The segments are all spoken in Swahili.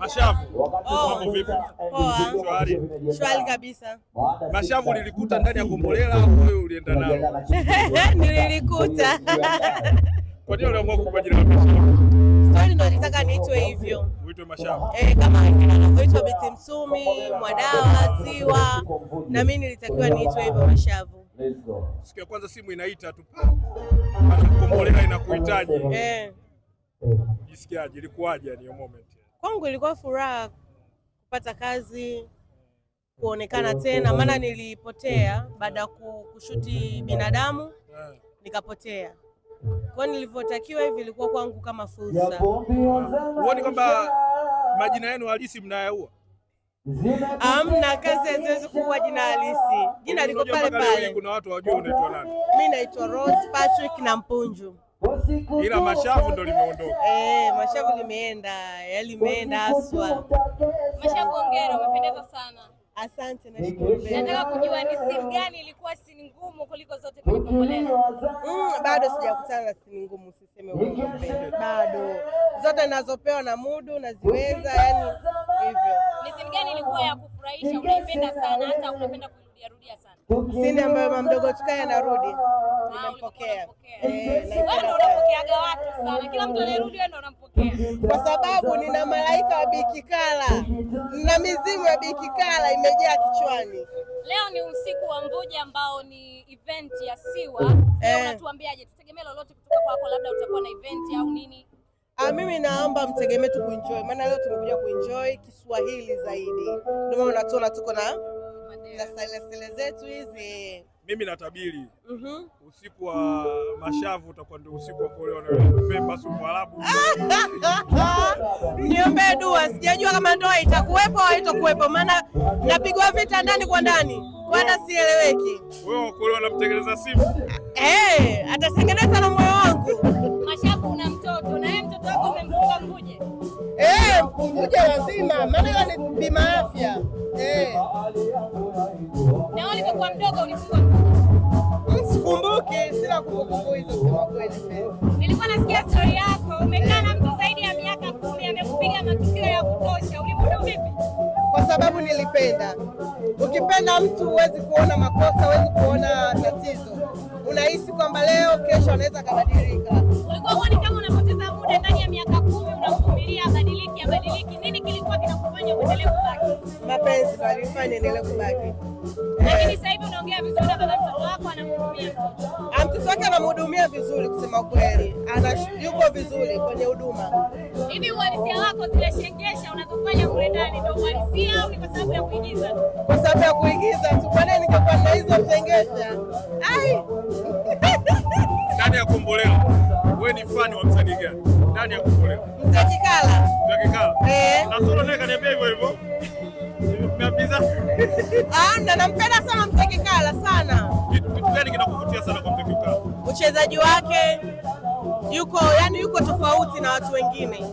Mashavu, oh, mambo vipi? Shwari. Shwari kabisa. Mashavu lilikuta ndani ya Gombolela au wewe ulienda nao? Nililikuta. Kwa nini uliamua kukupa jina la Mashavu? Stori ndio alitaka niitwe hivyo. Uitwe Mashavu. Eh, kama anavyoitwa Biti Msumi, Mwadawa, Ziwa na mimi nilitakiwa niitwe hivyo Mashavu. Siku ya kwanza simu inaita tu. Gombolela inakuhitaji. Eh. Eh. Jisikiaje? Ilikuwaje hiyo moment? Kwangu ilikuwa furaha kupata kazi, kuonekana tena, maana nilipotea baada ya kushuti binadamu eh. nikapotea. Kwa nilivyotakiwa hivi ilikuwa kwangu kama fursa. Huoni kwamba majina yenu halisi mnayaua? Amna kazi haziwezi kukua jina halisi. Jina liko pale pale. Kuna watu hawajui unaitwa nani. Mimi naitwa Rose Patrick na Mpunju ila mashavu ndo limeondoka. Eh, mashavu limeenda, yalimeenda haswa. Mashavu, hongera, umependeza sana. Asante, nashukuru. Nataka kujua ni simu gani ilikuwa sini ngumu kuliko zote kwenye Mm, bado sijakutana na sini ngumu, siseme ukweli, bado zote nazopewa na Mudu naziweza, yani hivyo. Ni simu gani ilikuwa ya kufurahisha, unaipenda sana hata unapenda Sindi ambayo mama mdogo tukae anarudi unampokea, ah, eh, sana, kila mtu wewe unampokea, kwa sababu nina malaika wa Bikikala na mizimu ya Bikikala imejaa kichwani. Leo ni usiku wa Mvuje ambao ni event ya Siwa. Eh. Unatuambiaje, tutegemee lolote kutoka kwako, labda utakuwa na event au nini? Ah, mimi naomba mtegemee tu kuenjoy, maana leo tumekuja kuenjoy Kiswahili zaidi, ndio maana tuko na Lesele zetu hizi. Mimi natabiri mm -hmm. usiku wa mashavu utakuwa ndio usiku wa kuolewa na Pemba Sukwalabu. Niombe dua, sijajua kama ndoa itakuwepo au haitakuwepo, maana napigwa vita ndani kwa ndani, bwana sieleweki. Wewe kuolewa namtengeneza simu, eh, atatengeneza na moyo Msikumbuke, sina kumbukumbu hizo kweli. Eh. Nilikuwa nasikia yako, umekaa na mtu zaidi ya miaka kumi, amekupiga matukio ya kutosha, ulimudu vipi? Kwa sababu nilipenda. Ukipenda mtu huwezi kuona makosa, huwezi kuona tatizo, unahisi kwamba leo, kesho anaweza kabadilika. Ulikuwa huoni kama unapoteza muda ndani ya miaka kumi, unamvumilia abadiliki, abadiliki? Nini kilikuwa kinakufanya uendelee kubaki? Mapenzi alifanya niendelee kubaki. Lakini sasa hivi unaongea vizuri, baba mtoto wako anamhudumia mtoto. wake anamhudumia vizuri, kusema kweli, yuko vizuri kwenye huduma. Hivi uhalisia wako zile shengesha unazofanya kule ndani ndio uhalisia au ni kwa sababu ya kuigiza? Kwa sababu ya kuigiza tu. Kwa nini ningekuwa na hizo shengesha? Ai. Ndani ya Kombolela. Wewe ni fani wa msanii gani? Ndani ya Kombolela. Mzee Kikala. Mzee Kikala. Eh. Na solo naye kaniambia hivyo hivyo. Ana ah, nampenda sana Mtekekala sana. Kitu gani kinakuvutia sana kwa Mtekekala? Uchezaji wake yuko yani, yuko tofauti na watu wengine.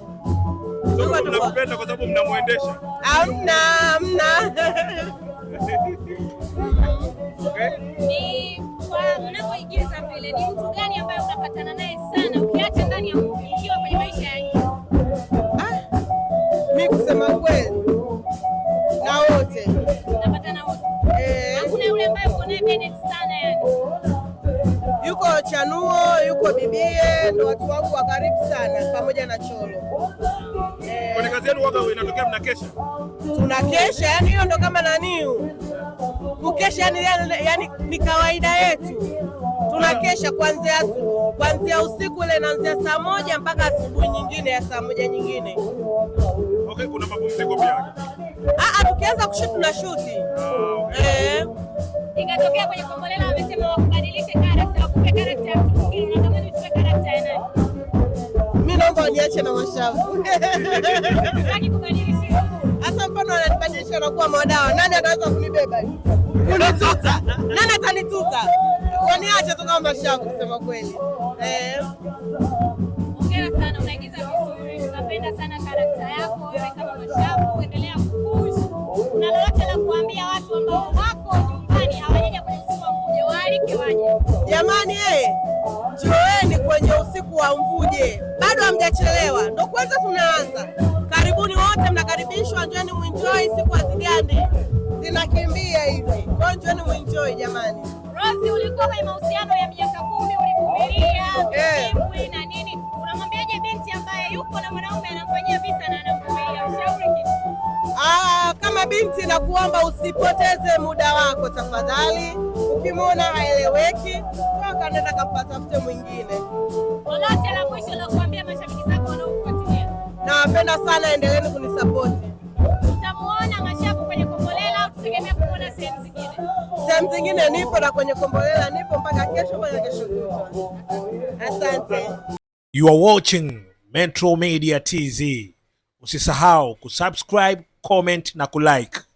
Mnapenda kwa sababu mnamwendesha? Hamna, hamna. Okay. Ni kwa mnapoigiza vile, ni mtu gani ambaye unapatana naye sana? Chanuo yuko bibie, ndo watu wangu wa karibu sana, pamoja na Cholo. Eh, kwenye kazi yenu waga inatokea Tuna kesha, yani hiyo ndo kama naniu kukesha, yani, yani ni kawaida yetu tunakesha kuanzia kuanzia usiku ile inaanzia saa moja mpaka asubuhi nyingine ya saa moja nyingine. Okay, kuna mapumziko pia. Ah, ah tukianza kushuti tunashuti. Ah, okay. Eh, ingatokea kwenye Kombolela wamesema nibadilishe na mashavu hasa. Mfano ananibadilisha na kuwa madawa nani anaweza kunibeba Unatuta Nani atanituta? Waniache tu kama mashavu, kusema kweli. Eh. Hongera sana, sana karakta yako wewe kama mashavu, kuambia watu ambao wako nyumbani kwenye jamani, eh, njoo usiku wa mvuje, bado hamjachelewa, ndo kwanza tunaanza. Karibuni wote, mnakaribishwa, njoni muenjoy. Siku hazigandi, zinakimbia hivi, kwa njoni muenjoy jamani. Rosi, ulikuwa kwenye mahusiano ya miaka kumi, ulivumilia eh. ukimwi na nini, unamwambiaje binti ambaye yupo na mwanaume anamfanyia visa na anamvumilia? Ushauri kitu? Ah, kama binti, nakuomba usipoteze muda wako tafadhali ukimwona haeleweki, toka nenda kapatafute mwingine. lolote la mwisho la kuambia mashabiki zako wanaokufuatilia, nawapenda sana, endeleeni kunisapoti. Utamuona Mashavu kwenye Kombolela au tutegemea kumuona sehemu zingine? Sehemu zingine nipo na kwenye Kombolela nipo mpaka kesho, kwenye kesho kutwa. Asante. You are watching Metro Media TV. Usisahau kusubscribe, comment na kulike.